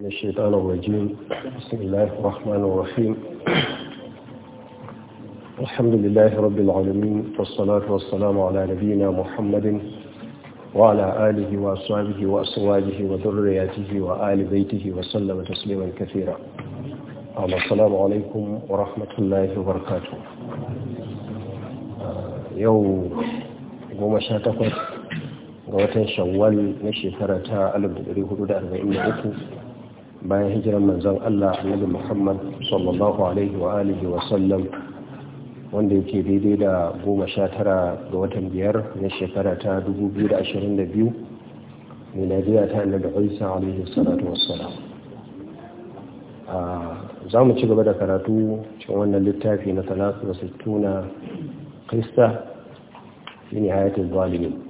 من الشيطان الرجيم بسم الله الرحمن الرحيم الحمد لله رب العالمين والصلاة والسلام على نبينا محمد وعلى آله وأصحابه وأزواجه وذرياته وآل بيته وسلم تسليما كثيرا السلام عليكم ورحمة الله وبركاته يوم goma sha takwas ga نشي shawwal ألم تدريه ta 1443 bayan hijiran manzon Allah annabi Muhammad sallallahu alaihi wa alihi wa sallam wanda yake daidai da goma sha tara ga watan biyar na shekara ta 2022 miladiya ta annabi Isa alaihi salatu wassalam za mu ci gaba da karatu cikin wannan littafi na 63 Krista ne nihayatul zalimin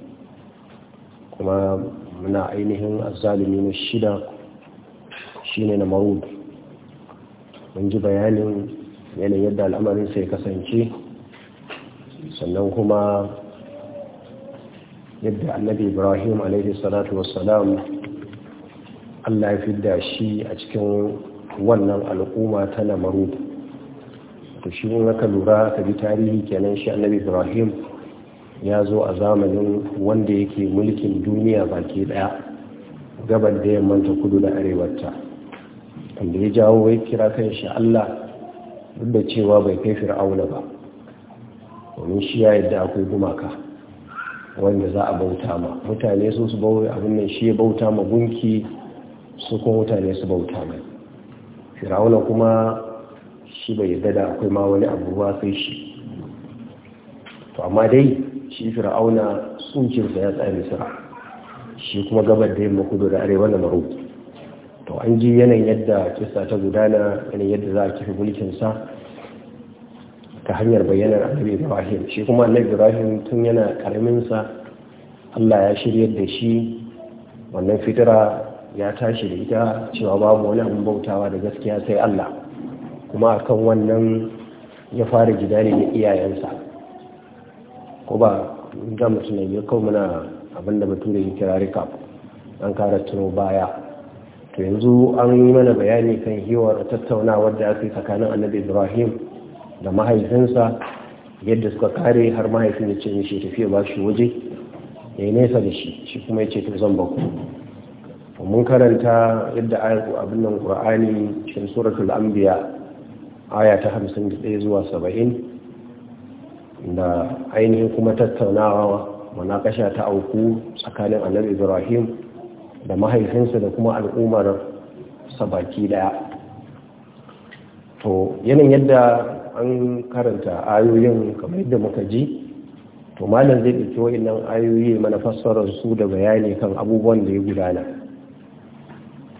kuma muna ainihin azzalimi na shida shine na marud mun ji bayanin yanayin yadda al'amarin sai kasance sannan kuma yadda annabi ibrahim alaihi salatu wassalam allah ya fidda shi a cikin wannan al'umma ta na marud to shi mun aka lura ka bi tarihi kenan shi annabi ibrahim ya zo a zamanin wanda yake mulkin duniya baki daya gabar da yamman ta kudu da arewarta wanda ya jawo wai kira kan shi Allah duk da cewa bai kai fir'auna ba domin shi ya yadda akwai gumaka wanda za a bauta ma mutane su su bauta abin nan shi ya bauta ma gunki su kuma mutane su bauta mai fir'auna kuma shi bai yadda da akwai ma wani abu ba sai shi to amma dai shi fir'auna sun tsunkinsa ya tsaye misira shi kuma gabar da yin makudu da arewa da maroki to an ji yanayin yadda kisa ta gudana yanayin yadda za a kifi mulkinsa ta hanyar bayyanar annabi ibrahim shi kuma annabi ibrahim tun yana karaminsa allah ya shirya da shi wannan fitira ya tashi da ita cewa babu wani abin bautawa da gaskiya sai allah kuma akan wannan ya fara gida ne da iyayensa ko ba ga mutum ne ya kawo muna abinda da ya kira rikap an kara tuno baya to yanzu an yi mana bayani kan hiwar tattaunawar da aka yi tsakanin annabi ibrahim da mahaifinsa yadda suka kare har mahaifin ya ce shi tafiya ba shi waje ya yi nesa da shi shi kuma ya ce to zan baku mun karanta yadda ayatu abin nan qur'ani cikin suratul anbiya aya ta 51 zuwa 70 da ainihin kuma tattaunawa munakasha ta auku tsakanin annabi ibrahim da mahaifinsa da kuma al'ummar sa daya to yanayin yadda an karanta ayoyin kamar yadda muka ji to malam zai ɗauki wa'innan ayoyi mana fassarar su da bayani kan abubuwan da ya gudana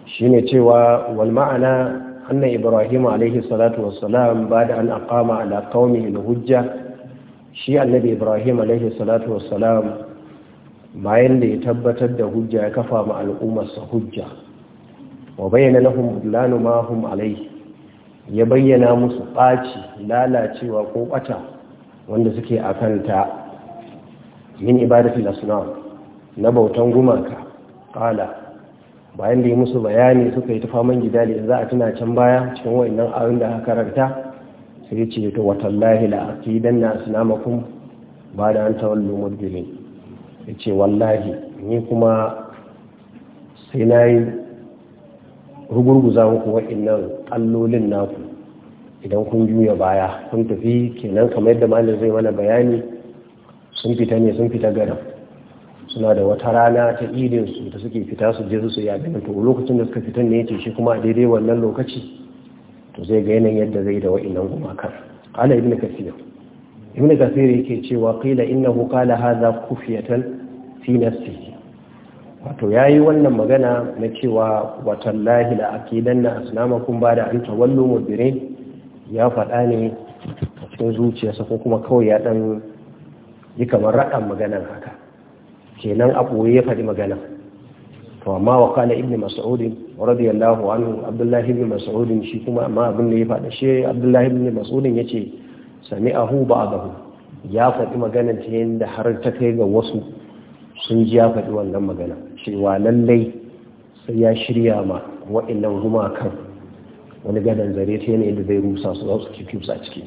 shine cewa wal ma'ana anna ibrahim alaihi salatu wassalam ba da an aqama ala qaumihi hujja shi annabi ibrahim alaihi salatu wassalam bayan da ya tabbatar da hujja ya kafa ma al'ummarsa hujja wa bayyana lahum budlanu ma hum alai ya bayyana musu ɓaci lalacewa ko ɓata wanda suke a ta min ibadati lasna na bautan gumaka kala bayan da ya musu bayani suka yi ta faman gidali in za a tuna can baya cikin wayannan abin da aka karanta sai ce to watallahi la aqidan na asnamakum ba da an tawallu mudbirin ya ce wallahi ni kuma sai na yi rugurguza muku wa'innan allolin naku idan kun juya baya kun tafi kenan kamar yadda malin zai mana bayani sun fita ne sun fita gada suna da wata rana ta idin su da suke fita su je su ya na to lokacin da suka fita ne ce shi kuma a daidai wannan lokaci to zai ga yanayin yadda zai da wa'innan gumakar ala ibn kasir ibn kasir yake cewa qila innahu qala hadha kufiyatan fi nafsihi wato yayi wannan magana na cewa wa tallahi la aqidanna asnamakum bada an tawallu mudbirin ya fada ne a cikin zuciyarsa ko kuma kawai ya dan yi kamar raɗan maganar haka kenan a ya faɗi magana to amma wa kana ibn mas'ud radiyallahu anhu abdullahi ibn mas'ud shi kuma amma abin da ya faɗa shi abdullahi ibn mas'ud yace a ba'dahu ya faɗi maganar ta yadda har ta kai ga wasu sun ji ya faɗi wannan magana cewa lallai sai ya shirya ma wa'annan gumakan wani gadon zare ta yanayin da zai rusa su za su a ciki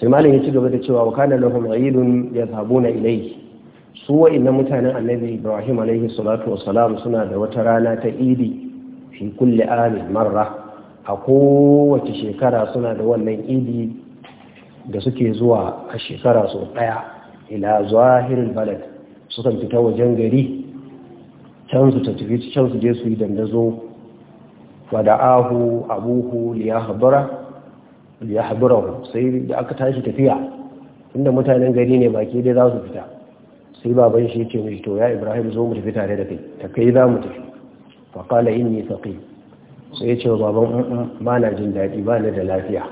sai malam ya ci gaba da cewa wa kana lahum aidun na ilai su wa'annan mutanen annabi ibrahim alaihi salatu salam suna da wata rana ta idi fi kulli amin marra a kowace shekara suna da wannan idi da suke zuwa a shekara sau ɗaya ila zahirin balad sukan fita wajen gari can su tafi can su je su yi dandazo fada'ahu abuhu sai da aka tashi tafiya inda mutanen gari ne baki dai za su fita sai baban shi ce mai to ya ibrahim zo mu tafi tare da kai ta kai za mu tafi faƙala inni saƙi sai ya ce baban mm, mm, ba na jin daɗi ba na da lafiya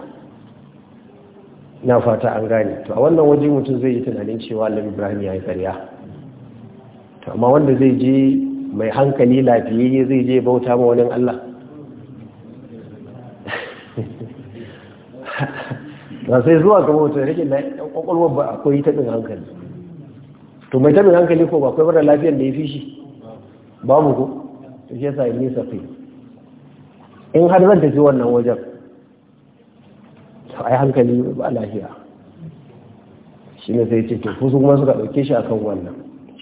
na fata an gane to a wannan waje mutum zai yi tunanin cewa Allah Ibrahim ya yi karya to amma wanda zai je mai hankali lafiyayye zai je bauta ma wani Allah na sai zuwa ga mutum rikin na kwakwalwar ba akwai taɓin hankali to mai taɓin hankali ko ba akwai wadda lafiyar da ya fi shi babu ko shi yasa yi nisa fi in har zan tafi wannan wajen to ai hankali ba lafiya shi ne zai ce to ku kuma suka ɗauke shi akan wannan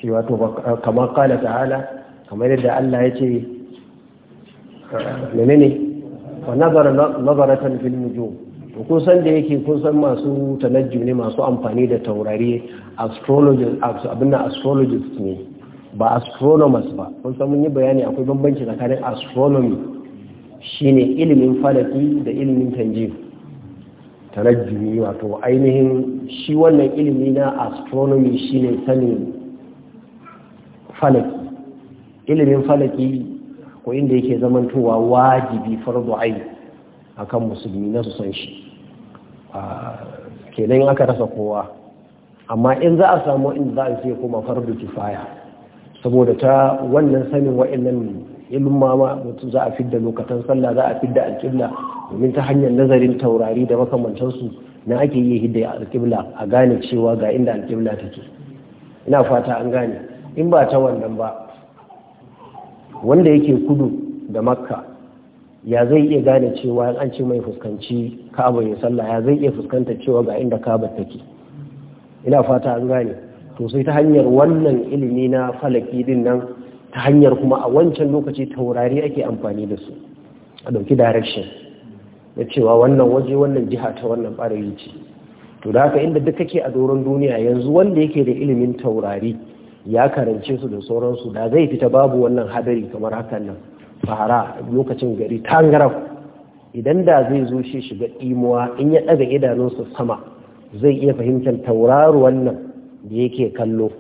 cewa to kamar kala ta'ala kamar yadda Allah ya ce ah, menene wa nazara nazaratan fil nujum to kun san da yake kun san masu tanajjum ne masu amfani da taurari astrologers abin da astrologist ne ba astronomers ba kun san mun yi bayani akwai bambanci tsakanin astronomy shine ilimin falaki da ilimin tanjim tarajjumi wato ainihin shi wannan ilimi na astronomy shine sanin falaki ilimin falaki ko inda yake zamantowa wajibi fardu ai akan musulmi na su san shi ah, kenan aka rasa kowa amma in za a samu inda za a ce kuma fardu kifaya saboda ta wannan sanin wa'annan ilin ma mutum za a fidda lokacin sallah za a fidda alƙibla domin ta hanyar nazarin taurari da makamantansu na ake iya hidda alƙibla a gane cewa ga inda alƙibla take ina fata an gane in ba ta wannan ba wanda yake kudu da makka ya zai iya gane cewa an ce mai fuskanci kaba ya sallah ya zai iya fuskanta cewa ga inda kaba take ina fata an gane to sai ta hanyar wannan ilimi na falaki din nan ta hanyar kuma a wancan lokaci taurari ake amfani da su a ɗauki direction na cewa wannan waje wannan jiha ta wannan ɓarayi ce to da haka inda duk kake a doron duniya yanzu wanda yake da ilimin taurari ya karance su da sauransu da zai fita babu wannan hadari kamar hakan nan fara lokacin gari tangaraf idan da zai zo shi shiga imuwa in ya ɗaga idanunsa sama zai iya fahimtar tauraruwan nan da yake kallo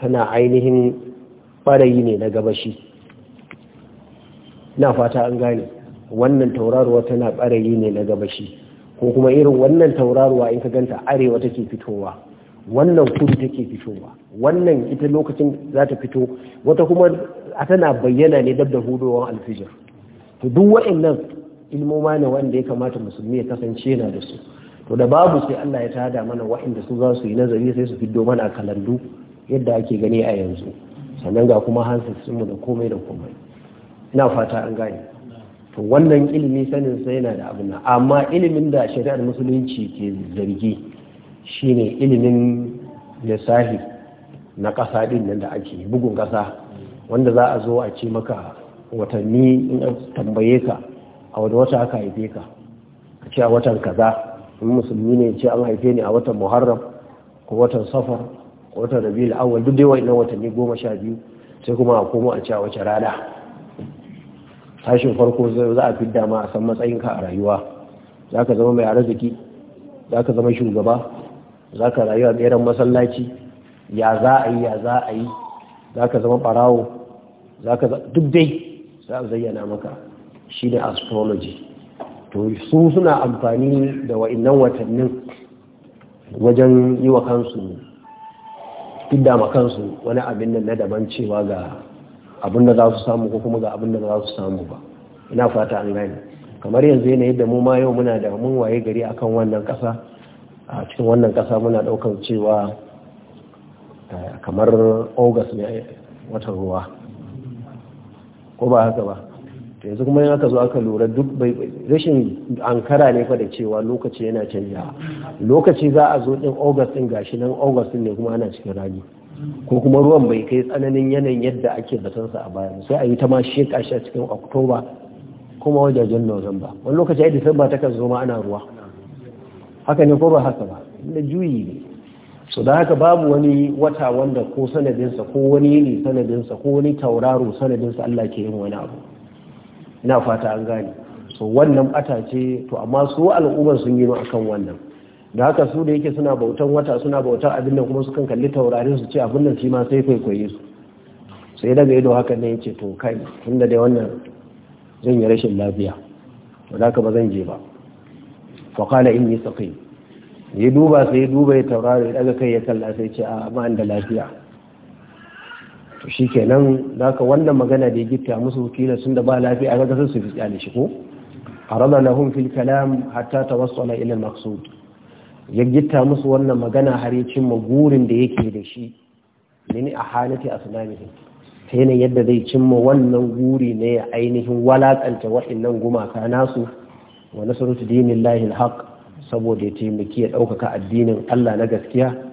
tana ainihin ɓarayi ne na gabashi na fata an gane wannan tauraruwa tana ɓarayi ne na gabashi ko kuma irin wannan tauraruwa in ka ganta arewa take fitowa wannan kudu take fitowa wannan ita lokacin za ta fito wata kuma a tana bayyana ne dab da hudowar alfijir to duk waɗannan ilmoma ne wanda ya kamata musulmi ya kasance na da su to da babu sai Allah ya tada mana waɗanda su za su yi nazari sai su fiddo mana kalandu yadda ake gani a yanzu sannan ga kuma mu da komai da komai ina fata an gane to wannan ilimi sanin sai yana da abin amma ilimin da shari'ar musulunci ke zargi shine ilimin lissafi na ƙasa din nan da ake bugun ƙasa wanda za a zo a ce maka watanni in an tambaye ka a wani wata aka haife ka a ce a watan kaza in musulmi ne ce an haife ni a watan muharram ko watan safar watan rabi awwal duk dai wannan watanni goma sha biyu sai kuma a komo a ci a wace rana tashin farko za a fi dama a san matsayinka a rayuwa za ka zama mai arziki za ka zama shugaba za ka rayu a tseren masallaci ya za a yi ya za a yi za ka zama ɓarawo duk dai za a zayyana maka shi da astrology to su suna amfani da wa'innan watannin wajen yi wa kansu fidda kansu wani abin nan na daban cewa ga abin da za su samu ko kuma ga abin da za su samu ba ina fata an gani kamar yanzu yana yadda mu ma yau muna da mun waye gari akan wannan kasa a cikin wannan kasa muna daukan cewa eh, kamar august ne eh, watan ruwa ko ba haka ba yanzu kuma yana aka zo aka lura duk bai rashin ankara ne fa da cewa lokaci yana canja lokaci za a zo din august din gashi nan august ne kuma ana cikin rani ko kuma ruwan bai kai tsananin yanayin yadda ake sa a baya sai a yi ta ma sheka a cikin october kuma wajajen november wani lokaci ai disamba ta kan zo ma ana ruwa haka ne ko ba haka ba da juyi ne so da haka babu wani wata wanda ko sanadinsa ko wani yini sanadinsa ko wani tauraro sanadinsa Allah ke yin wani abu ina fata an gane so wannan bata ce to amma su al'ummar sun yi akan wannan da haka su da yake suna bautan wata suna bautan abin da kuma sukan kalli taurarin su ce abin nan shi ma sai kai koyi su sai daga ido haka ne yace to kai tunda dai wannan zan yi rashin lafiya to da haka ba zan je ba fa qala inni saqim ya duba sai ya duba ya taurari daga kai ya kalla sai ce a ba an da lafiya to shi kenan za ka wannan magana da ya gita musu kila sun da ba lafiya ga gasar su fi tsali shi ko arada lahum fil kalam hatta tawassala ila al maqsud ya gita musu wannan magana har ya cimma gurin da yake da shi a a asnamihim ta ne yadda zai cimma wannan guri ne ya ainihin walakanta waɗannan gumaka nasu wa nasarar dinin lahin haq saboda ya taimaki ya ɗaukaka addinin Allah na gaskiya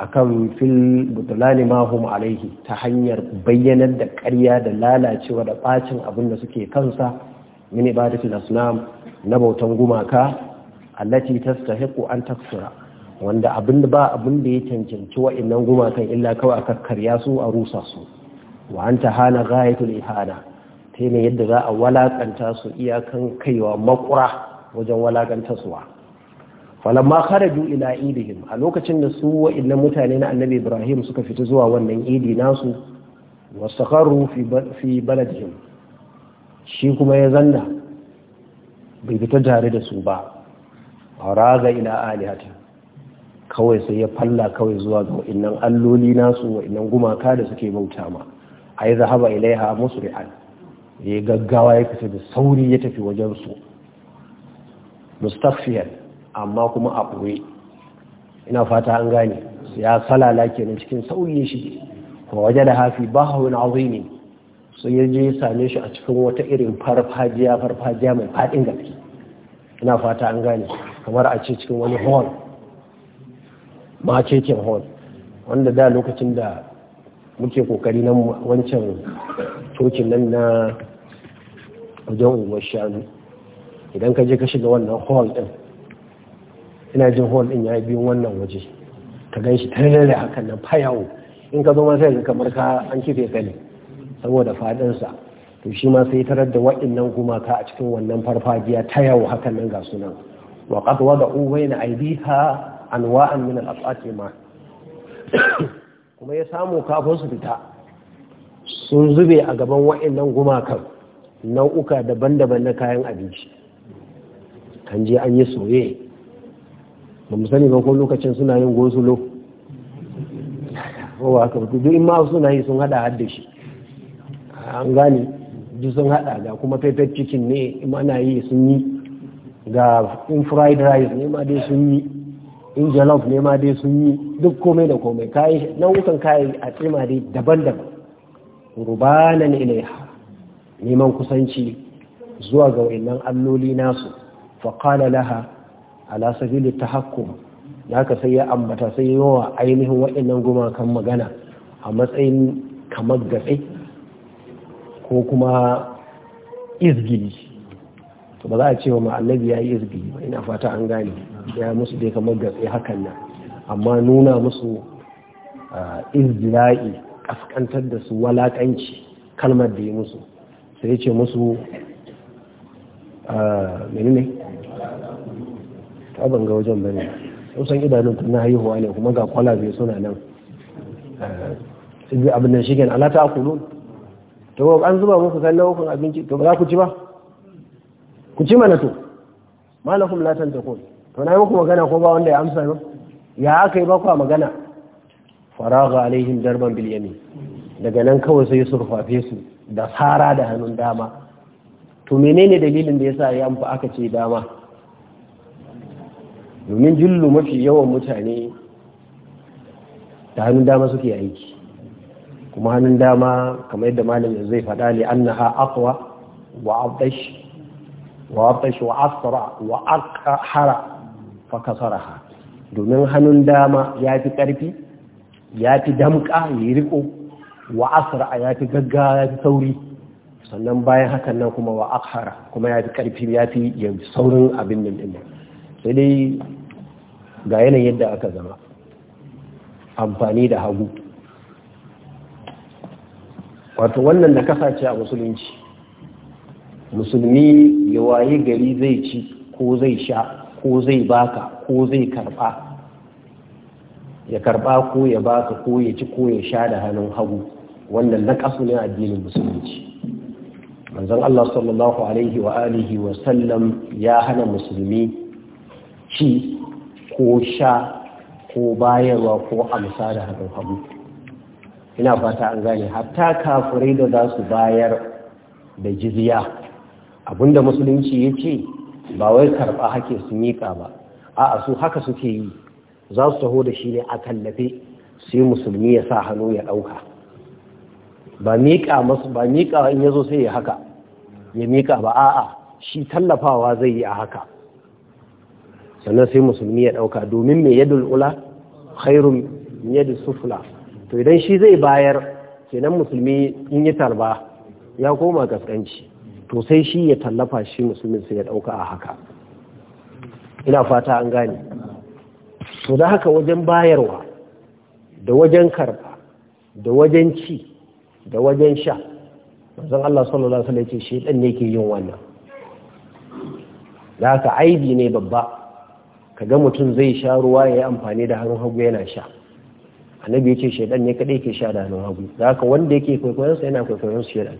akan fil butulani mahum alaihi ta hanyar bayyanar da ƙarya da lalacewa da bacin abin da suke kansa min ibadati asnam na bautan gumaka allati tastahiqu an taksura wanda abin da ba abin da ya cancanci wa'annan gumakan illa kawai aka karya su a rusa su wa anta hana ghayatul ihana ta ne yadda za a walakanta su iyakan kaiwa makura wajen wa. falamma kharaju ila idihim a lokacin da su wa'annan mutane na annabi ibrahim suka fita zuwa wannan idi nasu wasakharu fi baladihim shi kuma ya zanna bai fita tare da su ba raga ila alihati kawai sai ya falla kawai zuwa ga wa'annan alloli nasu wa'annan gumaka da suke bauta ma ai zahaba ilaiha musri'an ya gaggawa ya fita da sauri ya tafi wajen su mustafiyan amma kuma a ɓoye ina fata an gane ya salala kenan cikin sauyi shi ko waje da hafi ba hawin ne sun yi je same shi a cikin wata irin farfajiya farfajiya mai faɗin gaske ina fata an gane kamar a ce cikin wani hall ma makekin hall wanda da lokacin da muke kokari nan wancan tokin nan na wajen unguwar shanu idan ka je ka shiga wannan hall din ina jin hall din ya biyun wannan waje ka gan shi da hakan nan fayawo in ka zo ma sai kamar ka an kife ka ne saboda sa to shi ma sai tarar da waɗannan gumaka a cikin wannan farfajiya ta yau hakan nan ga sunan wa qad u bayna aydiha anwa'an min al aqati ma kuma ya samu kafin su fita sun zube a gaban waɗannan gumakan nau'uka daban-daban na kayan abinci Kan je an yi soyayya ba mu sani ba ko lokacin suna yin gosulo kowa ka duk in ma suna yi sun hada hadda shi an gane duk sun hada ga kuma pepper chicken ne in ana yi sun yi ga in fried rice ne ma dai sun yi in jollof ne ma dai sun yi duk komai da komai kayi nau'ukan kayi a tsima dai daban-daban ne ne neman kusanci zuwa ga wayannan alloli nasu faqala laha ala sabili tahakkum da haka sai ya ambata sai ya wa ainihin waɗannan gumakan magana a matsayin kamar gatsai ko kuma izgili to ba za a cewa ma ya yi izgili ba ina fata an gane ya musu dai kamar gatsai hakan nan amma nuna musu izgila'i kaskantar da su walakanci kalmar da ya musu sai ya ce musu menene a ban ga wajen bane kusan idanun tun na haihuwa ne kuma ga kwalabe suna nan ibi abin nan shigen ala ta Kulu, to ba an zuba muku kan nau'ukan abinci to ba za ku ci ba ku ci mana to malakum la tantakun to na yi muku magana ko ba wanda ya amsa ba ya aka yi bakwa magana faraga alaihim darban bil yamin daga nan kawai sai surfafe su da sara da hannun dama to menene dalilin da yasa ya amfa aka ce dama domin jillu mafi yawan mutane da hannun dama suke aiki kuma hannun dama kamar yadda malamin zai faɗa li annaha aqwa wa abdash wa abdash wa asra wa aqhara fa kasaraha domin hannun dama ya fi ƙarfi ya fi damƙa ya riko wa asra ya fi gaggawa ya fi sauri sannan bayan hakan nan kuma wa akhara kuma ya fi ƙarfi ya fi saurin abin nan din sai dai ga yanayin yadda aka zama amfani da hagu wato wannan na kasance a musulunci musulmi ya waye gari zai ci ko zai sha ko zai baka ko zai karba ya karba ko ya baka ko ya ci ko ya sha da hannun hagu wannan na kasu ne addinin musulunci manzan Allah sallallahu alaihi wa’alihi wasallam ya hana musulmi ci ko sha ko bayarwa ko amsa da hannun hagu ina fata an gane hatta kafirai da za su bayar da jizya abinda musulunci ya ce ba wai karɓa hake su miƙa ba 'a su haka suke yi za su taho da shi ne a tallafe sai musulmi ya sa hannu ya ɗauka ba miƙa in ya zo sai ya haka ya miƙa ba a'a shi tallafawa zai yi a haka sannan sai musulmi ya ɗauka domin mai yadul ula khairun yadul sufla to idan shi zai bayar kenan musulmi in yi tarba ya koma gaskanci to sai shi ya tallafa shi musulmin sai ya ɗauka a haka ina fata an gane to da haka wajen bayarwa da wajen karba da wajen ci da wajen sha zan Allah sallallahu alaihi wasallam ya ce ɗan ne ke yin wannan da haka aibi ne babba Ka ga mutum zai sha ruwa ya yi amfani da hannun hagu yana sha annabi ya ce shaidan ne kadai ke sha da hannun hagu da haka wanda yake kwaikwayonsa yana kwaikwayon shaidan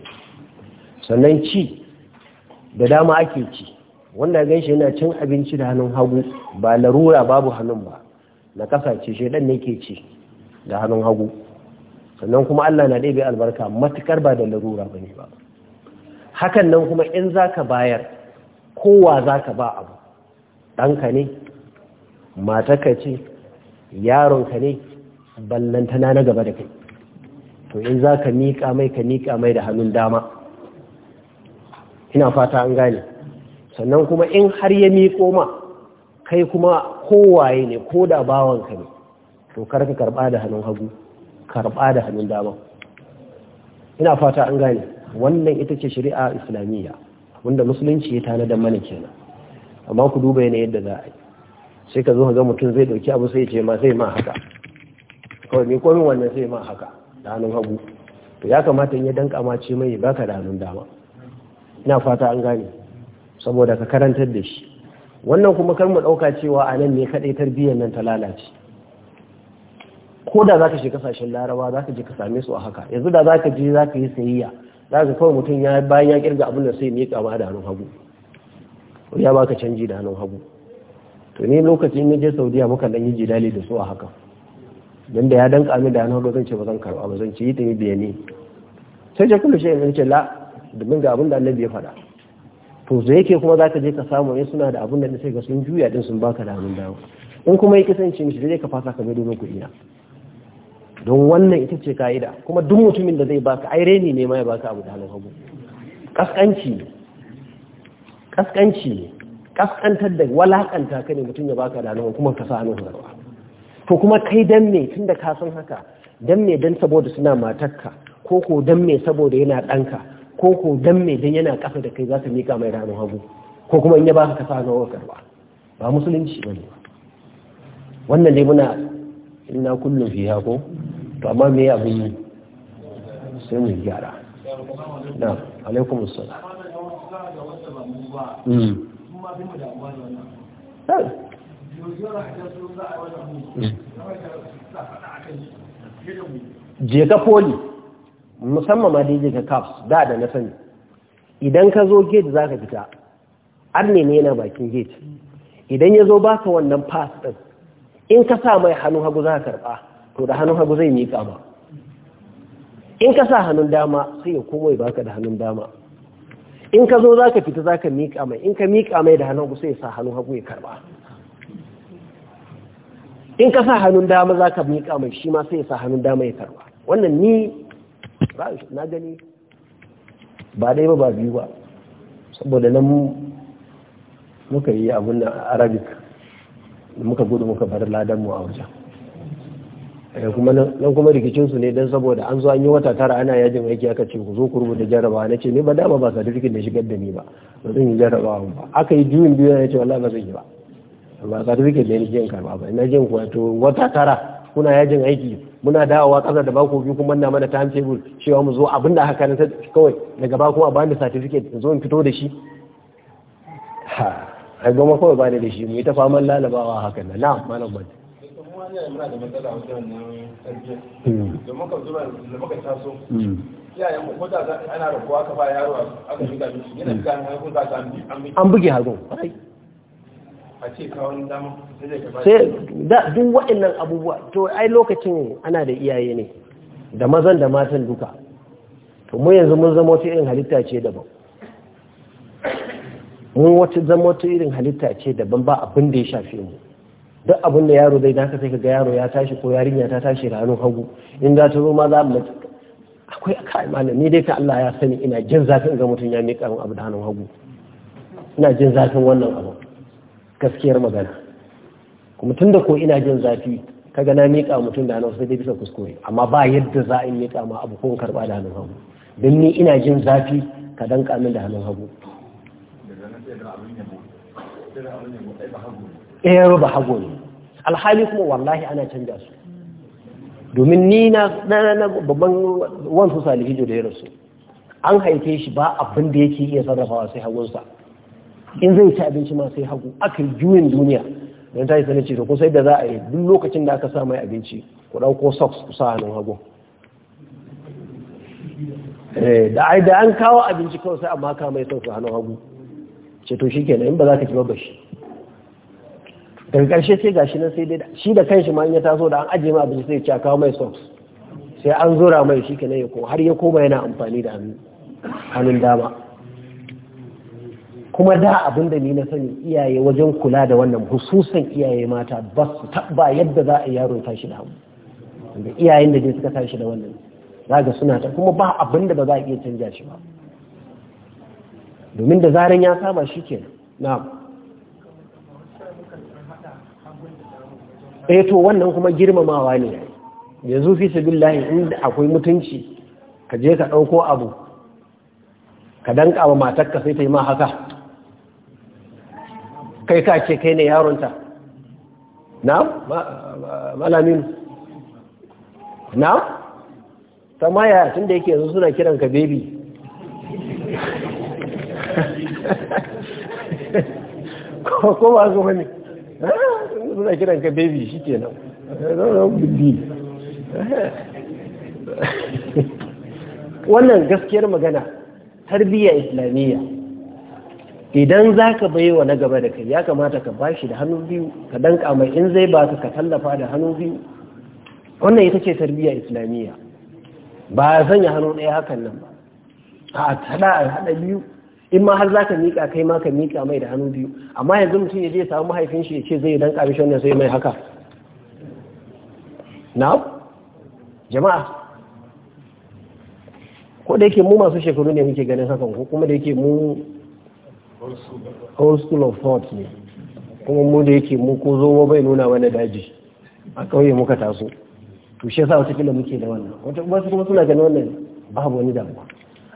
sannan ci da dama ake ci wanda gan shi yana cin abinci da hannun hagu ba larura babu hannun ba na kasa ce shaidan ne ke ci da hannun hagu sannan kuma Allah na ɗebe albarka matukar ba da larura bane ba hakan nan kuma in zaka bayar kowa zaka ba abu ɗanka ne ka ce yaronka ne ballantana na gaba da kai to in za ka miƙa mai ka miƙa mai da hannun dama ina fata an gane sannan kuma in har ya miƙo ma kai kuma kowaye ne ko da bawanka ne to kar ka karɓa da hannun hagu karɓa da hannun dama ina fata an gane wannan ita ce shari'a islamiyya wanda musulunci ya tanadar mana kenan amma ku duba yanayin yadda za a yi sai ka zo ga mutum zai dauki abu sai ce ma sai ma haka kawai ne komin wannan sai ma haka da hannun hagu to ya kamata in ya danka ma ce mai baka da hannun dama ina fata an gane saboda ka karantar da shi wannan kuma kar mu dauka cewa a nan ne kadai tarbiyyar nan ta lalace ko da za ka shiga kasashen laraba za ka je ka same su a haka yanzu da za ka je za ka yi sayayya za ka kawai mutum ya bayan ya kirga abin da sai miƙa kama da hannun hagu ya baka canji da hannun hagu to ne lokacin na je saudiya muka dan yi jidali da su a haka don da ya danka min da hannu zan ce ba zan karba ba zan ce yi ta yi biyani sai ce kuma shi ce la domin ga abin da annabi ya faɗa to zai yake kuma za ka je ka samu ne suna da abin da sai ga sun juya din sun baka da abin dawo in kuma ya kasance mishi zai ka fasa ka mai domin kuɗi na don wannan ita ce ka'ida kuma duk mutumin da zai baka ai reni ne ma ya baka abu da hannun hagu kaskanci kaskanci ne kaskantar da walakanta ka ne mutum ya baka da nawa kuma ka sa hannun zarwa to kuma kai dan me tunda ka san haka dan me dan saboda suna matarka ko ko dan me saboda yana ɗanka ko ko dan me dan yana ƙasa da kai za ka miƙa mai ranar hagu ko kuma in ya baka ka sa hannun zarwa ba musulunci ba ne wannan dai muna ina kullum fiya ko to amma me ya bin sai mu gyara na alaikumussalam Eh. Mm. je ka foli musamman ma da yi caps da da na sani idan ka zo gate za ka fita arne ne yana bakin gate idan ya zo baka wannan pass din in ka sa mai hannu hagu za ka karba to da hannun hagu zai miƙa ba in ka sa hannun dama sai ya komai baka da hannun dama in ka zo za ka fita za ka miƙa mai in ka miƙa mai da hannun sai ya sa hannun hagu ya karɓa in ka sa hannun dama za ka miƙa mai shi ma sai ya sa hannun dama ya karɓa wannan ni na gani ba dai ba ba biyu ba saboda nan muka yi abin arabic muka gudu muka bar ladanmu a wajen kuma nan kuma rikicin su ne dan saboda an zo an yi wata tara ana yajin aiki aka ce ku zo ku rubuta jarrabawa na ce ni ba dama ba sa da shigar da ni ba ba zan yi jarrabawa ba aka yi juyin biyu na ce wallahi ba zan yi ba amma sa da ni jin karba ba ina jin wato wata tara kuna yajin aiki muna dawowa kasar da bako biyu kuma na mana time table cewa mu zo abin da haka ta kawai daga ba kuma ba ni certificate zo in fito da shi ha ai goma kawai ba ni da shi mu yi ta faman lalabawa haka na na malam bane wannan tarbiyyar hmm. da muka hmm. ana an buge hagu. a sai da duk waɗannan abubuwa to ai lokacin ana da iyaye ne da mazan da matan duka to mu yanzu mun zama wata irin halitta ce daban mun wata zama wata irin halitta ce daban ba abinda ya shafe mu duk abin da yaro zai naka sai ka ga yaro ya tashi ko yarinya ta tashi da hannun hagu in za ta zo ma za mu akwai a kai malam ni dai ka Allah ya sani ina jin zafin ga mutum ya miƙa min abu da hannun hagu ina jin zafin wannan abu gaskiyar magana kuma tunda ko ina jin zafi kaga na miƙa mutum da hannun sai dai bisa kuskure amma ba yadda za a miƙa ma abu ko in karɓa da hannun hagu don ni ina jin zafi ka danka min da hannun hagu ɗaya ba hagu ne alhali kuma wallahi ana canja su domin ni na babban wansu salihi da ya rasu an haife shi ba abin da yake iya sarrafawa sai hagunsa in zai ci abinci ma sai hagu aka juyin duniya don ta yi sanar ce ko sai da za a yi duk lokacin da aka sa mai abinci ku ɗauko socks ku sa hannun hagu eh, da ai da an kawo abinci kawai sai amma ka mai sauka hannun hagu ce to shi kenan in ba za ka ci ba shi daga ƙarshe sai gashi nan sai dai shi da kanshi ma in ya taso da an ajiye ma abinci sai ya kawo mai sauce sai an zura mai shi kenan ya ko har ya koma yana amfani da hannun dama kuma da abin da ni na sani iyaye wajen kula da wannan hususan iyaye mata ba su taɓa yadda za a yi yaro tashi da hannu da iyayen da dai suka tashi da wannan zaga suna ta kuma ba abin da ba za a iya canja shi ba domin da zaran ya saba shi ke na'am eh to wannan kuma girmamawa ne yanzu fi lahi inda akwai mutunci ka je ka ɗauko abu ka danka wa matarka sai ta yi ma haka kai ka ce kai ne yaronta na malamin na ta maya tun da yake yanzu suna kiran ka bebi ko ba su wani suna kiran ka baby shi ke nan wannan gaskiyar magana tarbiyya islamiyya idan za ka bai na gaba da kai ya kamata ka ba shi da hannu biyu ka dan mai in zai ba ka tallafa da hannu biyu wannan ita ce tarbiyya islamiyya ba a sanya hannu ɗaya hakan nan ba a tada a haɗa biyu in ma har za ka miƙa kai ma ka miƙa mai da hannu biyu amma yanzu mutum ya je samu mahaifin shi ya ce zai danka mishi wannan sai mai haka na jama'a ko da yake mu masu shekaru ne muke ganin hakan ko kuma da yake mu old school of thought ne kuma mu da yake mu ko zo bai nuna wani daji a ƙauye muka taso to shi yasa wata kila muke da wannan wata kuma suna ganin wannan babu wani damuwa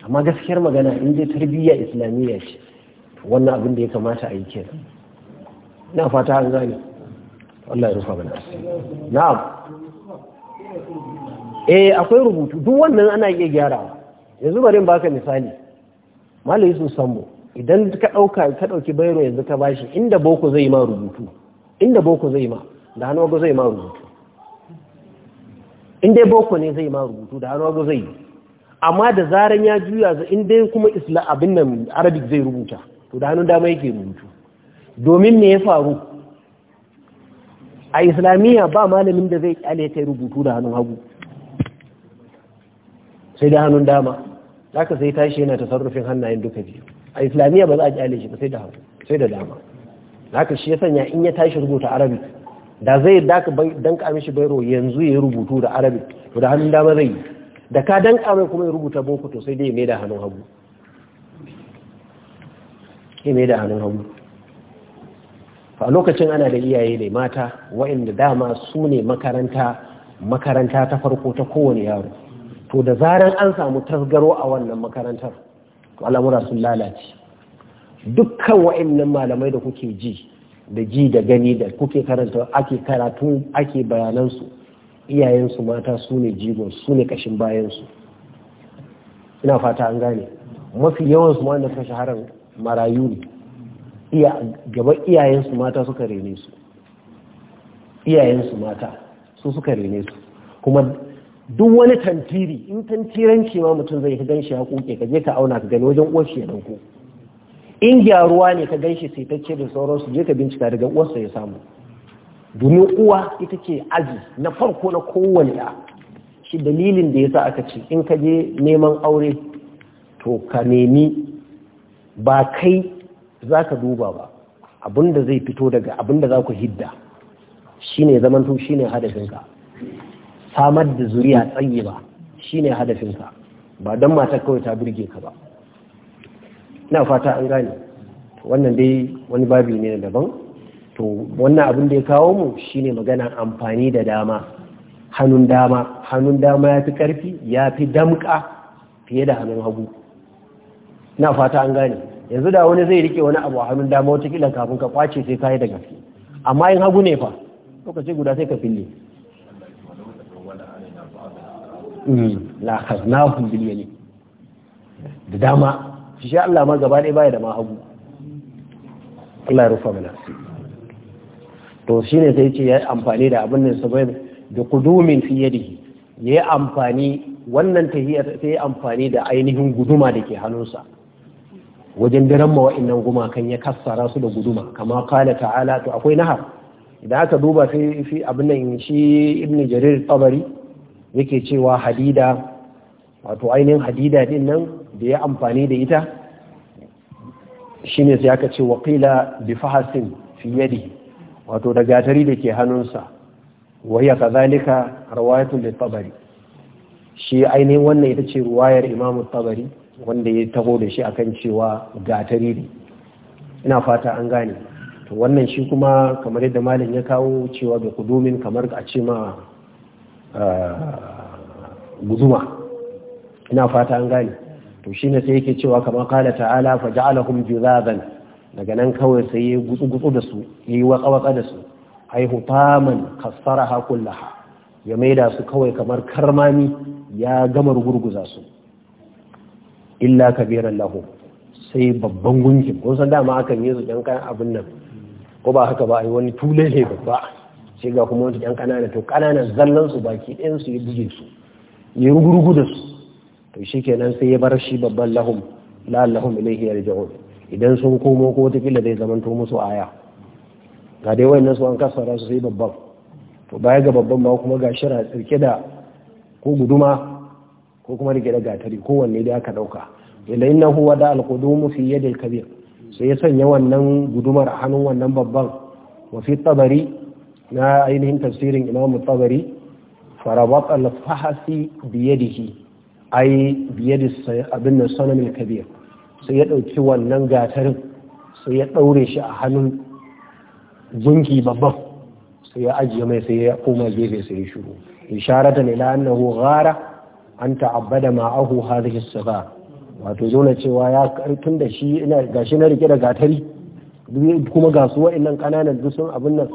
amma gaskiyar magana in dai tarbiyya islamiyya ce wannan abin da ya kamata a yi ke na fata an gane Allah ya rufa mana na'am eh akwai rubutu duk wannan ana iya gyarawa yanzu bari in baka misali malai Yusuf sambo idan ka dauka ka dauki bayro yanzu ka bashi inda boko zai ma rubutu inda boko zai ma da hannu zai ma rubutu inda boko ne zai ma rubutu da hannu zai yi amma da zaran ya juya za in dai kuma isla abin nan arabic zai rubuta to da hannun dama yake rubutu domin me ya faru a islamiyya ba malamin da zai kyale ta rubutu da hannun hagu sai da hannun dama zaka sai tashi yana tasarrufin hannayen duka biyu a islamiyya ba za a kyale shi ba sai da hannu sai da dama haka shi ya sanya in ya tashi rubuta arabic da zai daka danka mishi bairo yanzu ya rubutu da arabic to da hannun dama zai yi da ka danka mai kuma ya rubuta boko to sai dai mai da hannun hagu ya mai da hannun hagu a lokacin ana da iyaye da mata waɗanda dama su ne makaranta makaranta ta farko ta kowane yaro to da zaran an samu tasgaro a wannan makarantar to al'amura sun lalace dukkan waɗannan malamai da kuke ji da ji da gani da kuke karanta ake karatu ake bayanansu iyayensu mata su ne jigon su ne kashin bayansu ina fata an gane mafi yawan su wanda suka shahara marayu ne iya gaba iyayensu mata suka rene su iyayensu mata su suka rene su kuma duk wani tantiri in tantiranci ma mutum zai ka ganshi ya kuke ka je ka auna ka gani wajen uwar ya ɗauko in gyaruwa ne ka ganshi sai ta ce da sauransu je ka bincika daga uwarsa ya samu domin uwa ita ce aji na farko na kowane ya shi dalilin da ya sa aka ce in ka je neman aure to ka nemi ba kai za ka duba ba abinda zai fito daga abinda za ku hidda shi ne zaman to ne hadafinka samar da zuriya tsaye ba shi ne hadafinka ba don mata kawai ta birge ka ba ina fata an gane wannan dai wani babi ne daban to wannan abin da ya kawo mu shine magana amfani da dama hannun dama hannun dama ya fi ƙarfi ya fi damƙa fiye da hannun hagu na fata an gane yanzu da wani zai rike wani abu a hannun dama watakila kafin ka kwace sai kayi da gaske amma yin hagu ne fa lokaci guda sai ka fille hmm, da dama shi Allah ma gaba ɗaya baya da ma hagu Allah ya rufa mana to shine sai ce ya amfani da abin nan sabai da kudumin fi yadi ya yi amfani wannan tahiyar sai ya amfani da ainihin guduma da ke hannunsa wajen daren ma wa'annan gumakan ya kassara su da guduma kama kala ta'ala to akwai nahar idan aka duba fi fi abin nan shi ibn jarir tabari yake cewa hadida wato ainihin hadida din nan da ya amfani da ita shine sai aka ce waqila bi fahasin fi yadihi wato da gatari da ke hannunsa waya kazalika da tabari shi ainihin wannan ita ce ruwayar imamu tabari wanda ya taho da shi akan cewa gatari ne ina fata an gane to wannan shi kuma kamar yadda malin ya kawo cewa da kudumin kamar a ce ma ah, guzuma ina fata an gane to shine sai yake cewa kamar kala ta'ala faja'alahum juzaban daga nan kawai sai ya gutsu-gutsu da su ya yi waka-waka da su aihu faman haƙun laha ya maida su kawai kamar karmami ya gama rugurguza su illa ka kabiran lahu sai babban gunkin kun san dama akan yi su ɗan abin nan ko ba haka ba a yi wani tule ne babba sai ga kuma wani ɗan ƙanana to kananan zallan su baki ɗayan su ya buge su ya rugurgu da su to shi kenan sai ya bar shi babban lahum la lahum ilaihi yarji'un idan sun komo ko watakila zai zamanto musu aya ga dai wani su an kasara su sai babban to baya ga babban ba kuma ga shira tsirke da ko guduma ko kuma rike da gatari kowanne da aka dauka ila innahu wada alqudumu fi yadi alkabir sai ya sanya wannan gudumar a hannun wannan babban wa fi tabari na ainihin tafsirin imam tabari farabat al-fahasi bi yadihi ay bi yadi abin sanan al-kabir sai ya ɗauki wannan gatarin sai ya ɗaure shi a hannun gunki babban sai ya ajiye mai sai ya koma gefe sai ya shuru ne ila annahu ghara an ta'abbada ma'ahu hadhihi as-safa wato zo cewa ya karfin da shi ina gashi na rike da gatari kuma ga su wa'annan kananan duk sun abin nan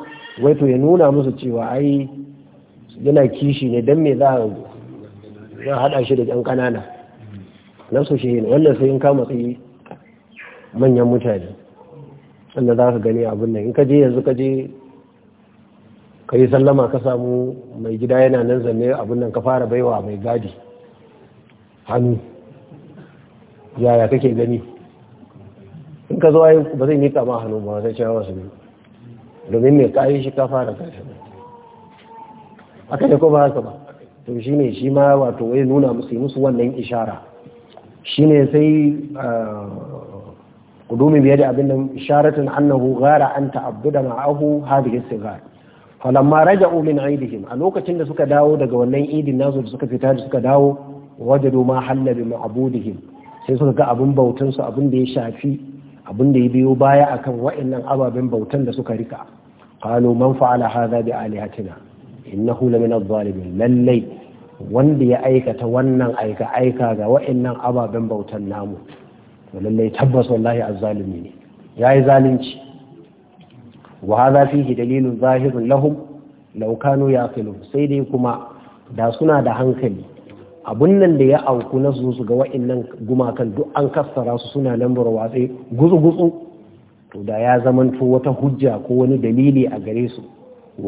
wai to ya nuna musu cewa ai yana kishi ne dan me za a hada shi da yan kanana nafsu shi ne wannan sai in ka matsi manyan mutane wanda za ka gani abin nan in ka je yanzu ka je ka yi sallama ka samu mai gida yana nan zanne abin nan ka fara baiwa mai gadi hannu yaya kake gani in ka zo ba zai mika ma hannu ba sai cewa su ne domin mai kayi shi ka fara kashi aka ne ko ba haka ba to shi ne shi ma wato ya nuna musu musu wannan ishara shine sai qudumi ah, biyar da abin da isharatun annahu gara an ta'abbuda ma'ahu hadhihi sigar falamma raja'u min aidihim a lokacin da suka dawo daga wannan idin nasu da suka fita da suka dawo wajadu ma halla bi ma'budihim sai suka ga abin bautan su abin da ya shafi abin da ya biyo baya akan wa'annan ababen bautan da suka rika qalu man fa'ala hadha bi alihatina innahu lamina adh-dhalimin lallai wanda ya aikata wannan aika aika ga wa'annan ababen bautan namu to lallai tabbas wallahi azzalimi ne yayi zalunci wa hadha fihi dalilun zahirun lahum law kanu yaqilun sai dai kuma da suna da hankali abun nan da ya auku na su ga wa'annan gumakan duk an kassara su suna lambar watsi gutsu gutsu to da ya zamanto wata hujja ko wani dalili a gare su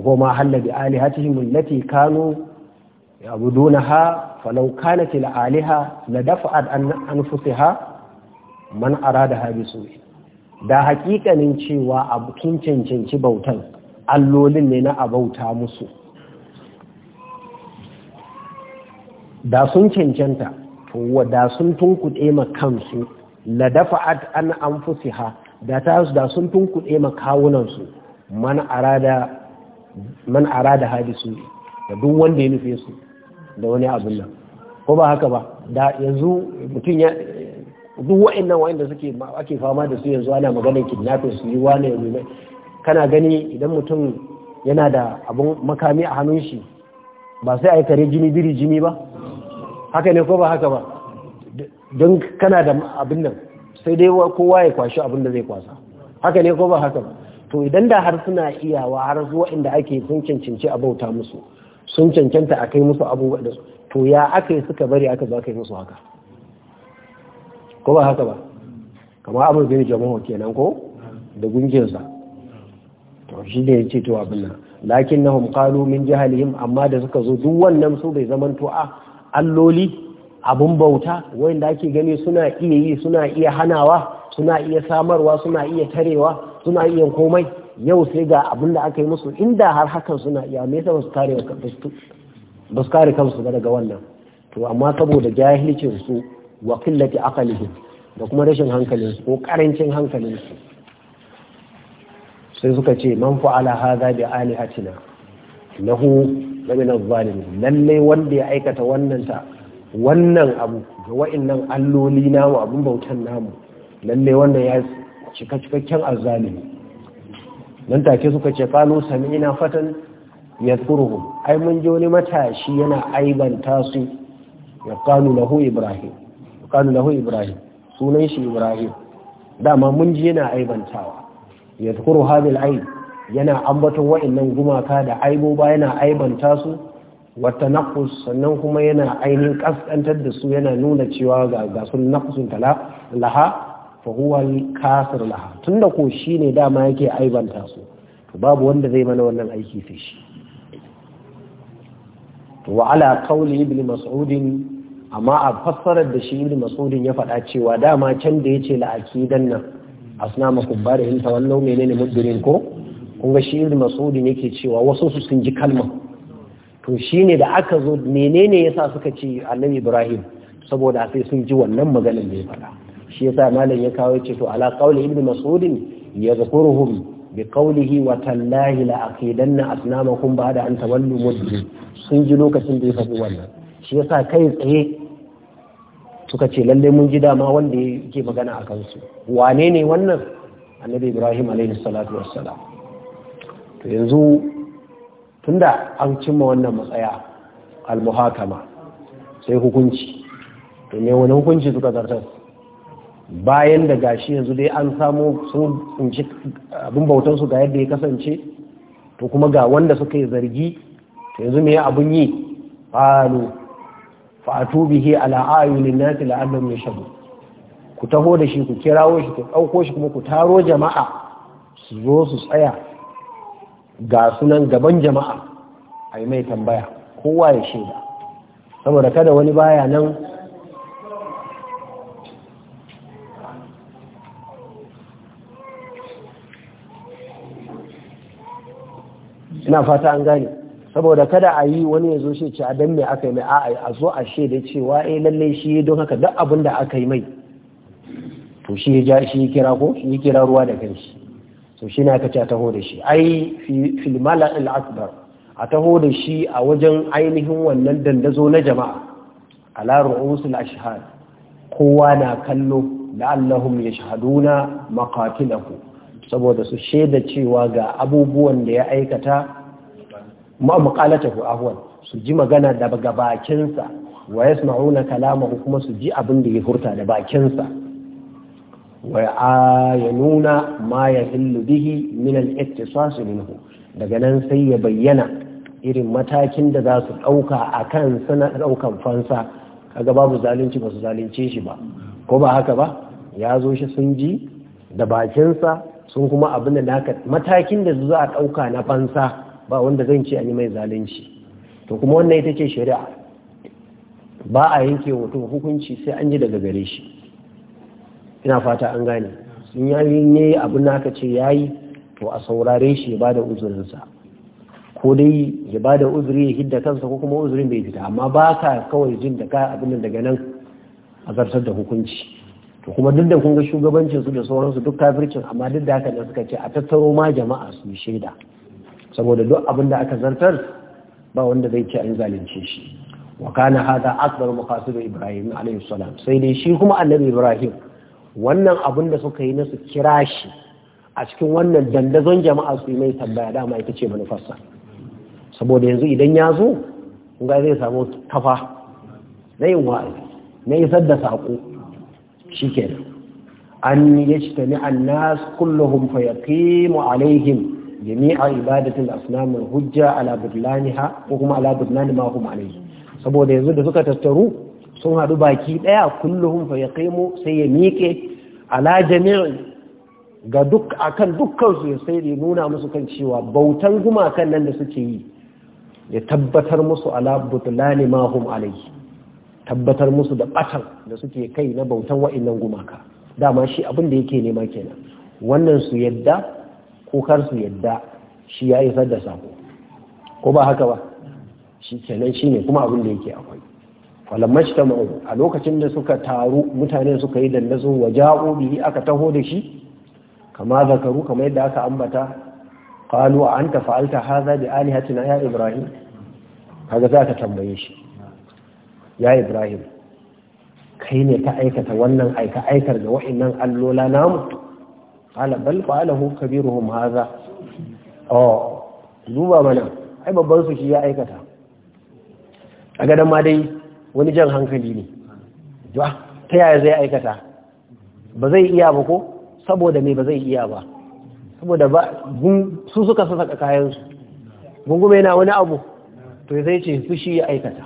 ko ma halla bi alihatihim allati kanu يعبدونها فلو كانت الآلهة لدفعت عن أنفسها من أرادها بسوء da حقيقة cewa abokin cancanci bautan allolin ne na abauta musu da sun cancanta da sun tunkuɗe ma kansu la dafa'at an anfusiha da ta da sun tunkuɗe ma kawunansu man arada man arada da duk wanda ya nufe su da wani abin nan ko ba haka ba da yanzu mutum ya duk wa'annan wa'anda suke ake fama da su yanzu ana maganar kidnapping su yi wane ne kana gani idan mutum yana da abun makami a hannun shi ba sai a yi kare jini biri jini ba haka ne ko ba haka ba don kana da abin nan sai dai kowa ya kwashi abin da zai kwasa haka ne ko ba haka ba to idan da har suna iyawa har zuwa inda ake sun cancanci a bauta musu sun cancanta a kai musu abubuwa da to ya aka yi suka bari aka za ka yi musu haka ko ba haka ba kamar abin bin jama'a kenan ko da gungiyarsa to shi ne ya ce to abin nan lakin na hunkalu min jihalihim amma da suka zo duk wannan su bai zaman to a alloli abin bauta wayan da ake gani suna iya yi suna iya hanawa suna iya samarwa suna iya tarewa suna iya komai yau sai ga abin da aka yi musu inda har hakan suna iya me yasa ba su kare kansu ba daga wannan to amma saboda jahilcin su wa qillati da kuma rashin hankalin su ko karancin su sai suka ce man fa'ala hadha bi alihatina lahu min az-zalimin lalle wanda ya aikata wannan ta wannan abu ga wa'annan alloli namu abun bautan namu lalle wanda ya cika cikakken azzalimi nan take suka ce kalu sami'na fatan yadhkuruhu ai mun ji wani matashi yana aibanta su ya kalu lahu ibrahim kalu lahu ibrahim sunan shi ibrahim dama mun ji yana aibantawa yadhkuru hadhihi al-aib yana ambaton wa'annan gumaka da aiboba yana aibanta su wata naqus sannan kuma yana ainihin kaskantar da su yana nuna cewa ga gasul naqsun tala laha fahuwar kasar laha tun da tunda ko shine dama yake aibanta su to babu wanda zai mana wannan aiki sai shi to wa ala qawli ibn Mas'udin amma a fassarar da shi ibn Mas'udin ya faɗa cewa dama can da yace la'aki la'akidan nan a suna da hinta wannan mene ne mudbirin ko Kunga ga shi ibn mas'udin yake cewa wasu su sun ji kalma to shine da aka zo menene sa suka ce annabi ibrahim saboda sai sun ji wannan maganar da ya faɗa shi yasa malam ya kawo ce to ala qawli ibn mas'ud yadhkuruhum bi qawlihi wa tallahi la aqidanna asnamakum ba'da an tawallu mudbir sun ji lokacin da ya faɗi wannan shi yasa kai tsaye suka ce lalle mun ji dama wanda yake magana a su wane ne wannan annabi ibrahim alaihi salatu wassalam to yanzu tunda an cimma wannan matsaya al-muhakama sai hukunci to ne wani hukunci suka zartar bayan da gashi yanzu dai an samu sun tsinci abin bautansu ga yadda ya kasance to kuma ga wanda suka yi zargi to yanzu me abun yi falo fa'atu bihi ala ayunin nasi mai yashhadun ku taho da shi ku kirawo shi ku dauko shi kuma ku taro jama'a su zo su tsaya ga sunan gaban jama'a ai mai tambaya kowa ya shaida saboda kada wani baya nan ina fata an gane saboda kada a yi wani ya zo shi ce a dan aka yi mai a'a a zo a da cewa eh lalle shi don haka duk abin da aka yi mai to shi ya shi kira ko shi kira ruwa da kanshi to shi ne aka ta a taho da shi ai fil mala'il akbar a taho da shi a wajen ainihin wannan dandazo na jama'a ala ru'usul ashhad kowa na kallo la'allahum yashhaduna maqatilahu saboda su shaida cewa ga abubuwan da ya aikata ma muqalatahu ahwan su ji magana daga bakinsa wa yasma'una kalamahu kuma su ji abin da ya furta da bakinsa wa nuna ma yahillu bihi min al-ittisas minhu daga nan sai ya bayyana irin matakin da za su ɗauka a kan suna ɗaukan fansa kaga babu zalunci ba su zalunce shi ba ko ba haka ba ya zo shi sun ji da bakinsa sun kuma abin da matakin da za a ɗauka na fansa ba wanda zan ce an mai zalunci to kuma wannan ita ce shari'a ba a yanke wa hukunci sai an ji daga gare shi ina fata an gane in ya yi abin da aka ce ya yi to a saurare shi ya bada uzurinsa ko dai ya bada uzuri ya hidda kansa ko kuma uzurin bai fita amma ba ka kawai jin da ka abin daga nan a zartar da hukunci to kuma duk da kun ga shugabancin su da sauransu duk kafircin amma duk da haka ne suka ce a tattaro ma jama'a su shaida saboda duk abin da aka zartar ba wanda zai ce an zalunce shi wa kana hada akbar maqasid ibrahim alayhi salam sai dai shi kuma annabi ibrahim wannan abin da suka yi na su kira shi a cikin wannan dandazon jama'a su yi mai tambaya dama ita ce manufarsa saboda yanzu idan ya zo ga zai samu kafa na yin wa'azi na isar da saƙo shi an yi ta kulluhum fa yaqimu alaihim jami'a ibadatul asnamul hujja ala budlaniha ko kuma ala budlani ma saboda yanzu da suka tattaru sun haɗu baki ɗaya kullum fa yaqimu sai ya miƙe ala jami'i ga duk akan dukkan su sai ya nuna musu kan cewa bautan gumakan nan da suke yi ya tabbatar musu ala budlani ma tabbatar musu da ɓatar da suke kai na bautan wa'annan gumaka dama shi abin da yake nema kenan wannan su yadda ko kar su yadda shi ya isar da sako ko ba haka ba shi kenan ne kuma abin da yake akwai falamma shi ta a lokacin da suka taru mutane suka yi dandazo wa ja'o bihi aka taho da shi kama zakaru kama yadda aka ambata qalu a anta fa'alta hadha bi alihatina ya ibrahim kaga za ka tambaye shi ya ibrahim kai ne ka aikata wannan aika aikar ga wa'annan allola namu ala bal fa'alahu kabiruhum hadha oh duba mana ai babban su shi ya aikata a gadan ma dai wani jan hankali ne ja ta yaya zai aikata ba zai iya ba ko saboda me ba zai iya ba saboda ba su suka saka kayan su gungume yana wani abu to zai ce su shi ya aikata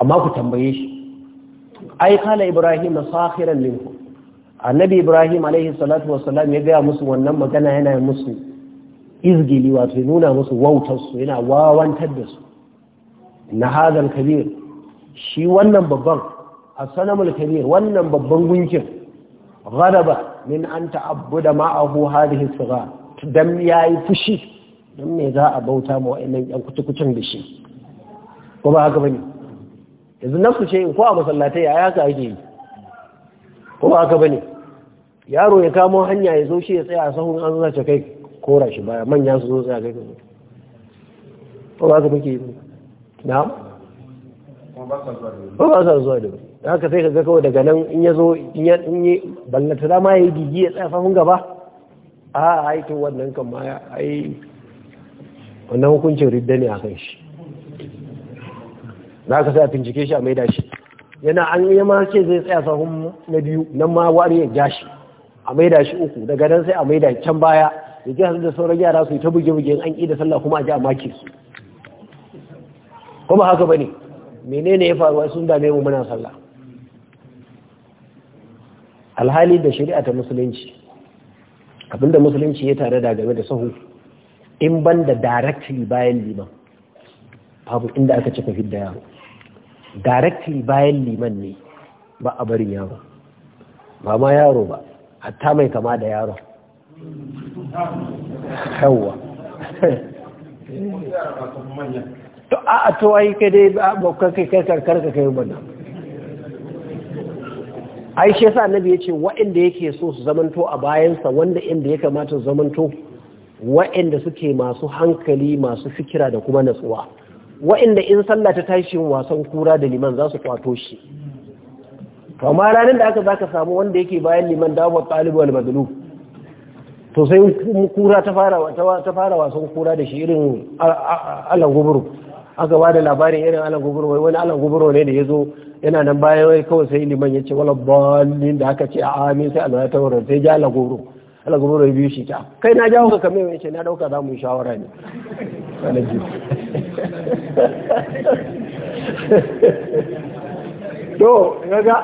amma ku tambaye shi ai kala ibrahim na sakhiran minkum annabi ibrahim alaihi salatu wassalam ya gaya musu wannan magana yana musu izgili wato ya nuna musu wautarsu yana wawantar da su na hadar kabir shi wannan babban a sanamul kabir wannan babban gunkin gharaba min an ta'abbuda ma'ahu hadhihi sigar dan yayi fushi dan me za a bauta ma wa'annan yan kutukucin da shi ko ba haka bane yanzu nafsu ce ko a masallatai ya haka ake yi ko ba haka bane yaro ya kamo hanya ya zo shi ya tsaya a sahun an zace kai kora shi baya manya su zo tsaya kai ka zo ko ba ka muke yi na ko ba sa zuwa da ba haka sai ka ga kawai daga nan in ya zo in yi ballata ma ya yi gigi ya tsaya sahun gaba a aikin wannan kan ma ai wannan hukuncin ridda ne a kan shi za ka a bincike shi a maida shi yana an yi ma ce zai tsaya sahun na biyu nan ma wari ya ja shi a maida shi uku daga nan sai a maida can baya ya ji da sauran yara su yi ta buge buge an ƙi da sallah kuma a ji a maki su kuma haka ba ne menene ya faruwa sun dame mu muna sallah alhali da shari'a ta musulunci abinda musulunci ya tare da game da sahu in ban da directly bayan liman babu inda aka cika fidda yaro directly bayan liman ne ba a barin yaro ba ma yaro ba hatta mai kama da yaro yawa to a to ai kai dai abokan kai kai karkar ka kai bana ai shi yasa annabi yace waɗanda yake so su zamanto a bayansa wanda inda ya kamata su zamanto waɗanda suke masu hankali masu fikira da kuma natsuwa waɗanda in sallah ta tashi wasan kura da liman za su kwato shi amma ranar da aka zaka samu wanda yake bayan liman dawo talib wal madlub to sai kura ta fara ta fara wasan kura da shi irin alan guburu aka ba da labarin irin alan guburu wai wani alan guburu ne da yazo yana nan bayan wai kawai sai liman ya ce wala ballin da aka ce a amin sai Allah ya taurara sai ja alan guburu alan guburu ya biyu shi ta kai na jawo ka mai ce na dauka za mu shawara ne to kaga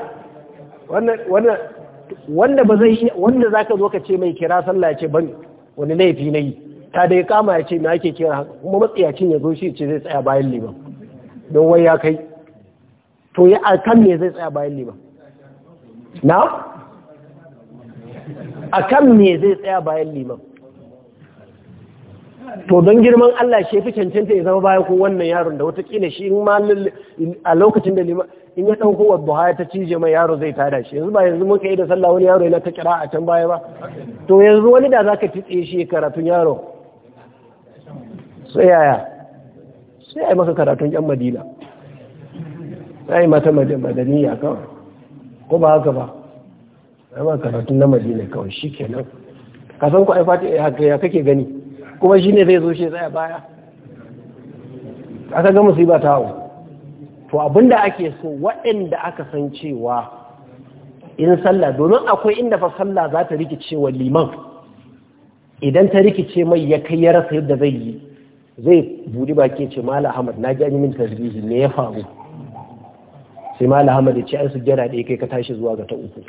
wanda ba zai iya wanda za ka zo ka ce mai kira sallah ya ce ban wani laifi na yi ta ya kama ya ce na ake kira haka kuma matsiyacin ya zo shi ce zai tsaya bayan liman don wai ya kai to ya a kan me zai tsaya bayan liman na a kan me zai tsaya bayan liman to don girman Allah shi fi cancanta ya zama bayan ko wannan yaron da wata kina shi in ma a lokacin da in ya ɗauko buhari ta cije mai yaro zai tada shi yanzu ba yanzu mun kai da sallah wani yaro yana ta kira a can baya ba to yanzu wani da zaka titse shi karatun yaro sai yaya sai ai maka karatun yan madina sai mata madaniya kawai ko ba haka ba ai ba karatun na madina kawai shikenan ka san ku ai fati ya kake gani kuma shine zai zo shi tsaya baya aka ga musiba ta hau. to abinda ake so waɗanda aka san cewa in sallah domin akwai inda fa sallah za ta rikice wa liman idan ta rikice mai ya kai ya rasa yadda zai yi zai buɗi baki ce mala ahmad na ji min tasbihi me ya faru sai mala ahmad ya ce an sujjada da kai ka tashi zuwa ga ta uku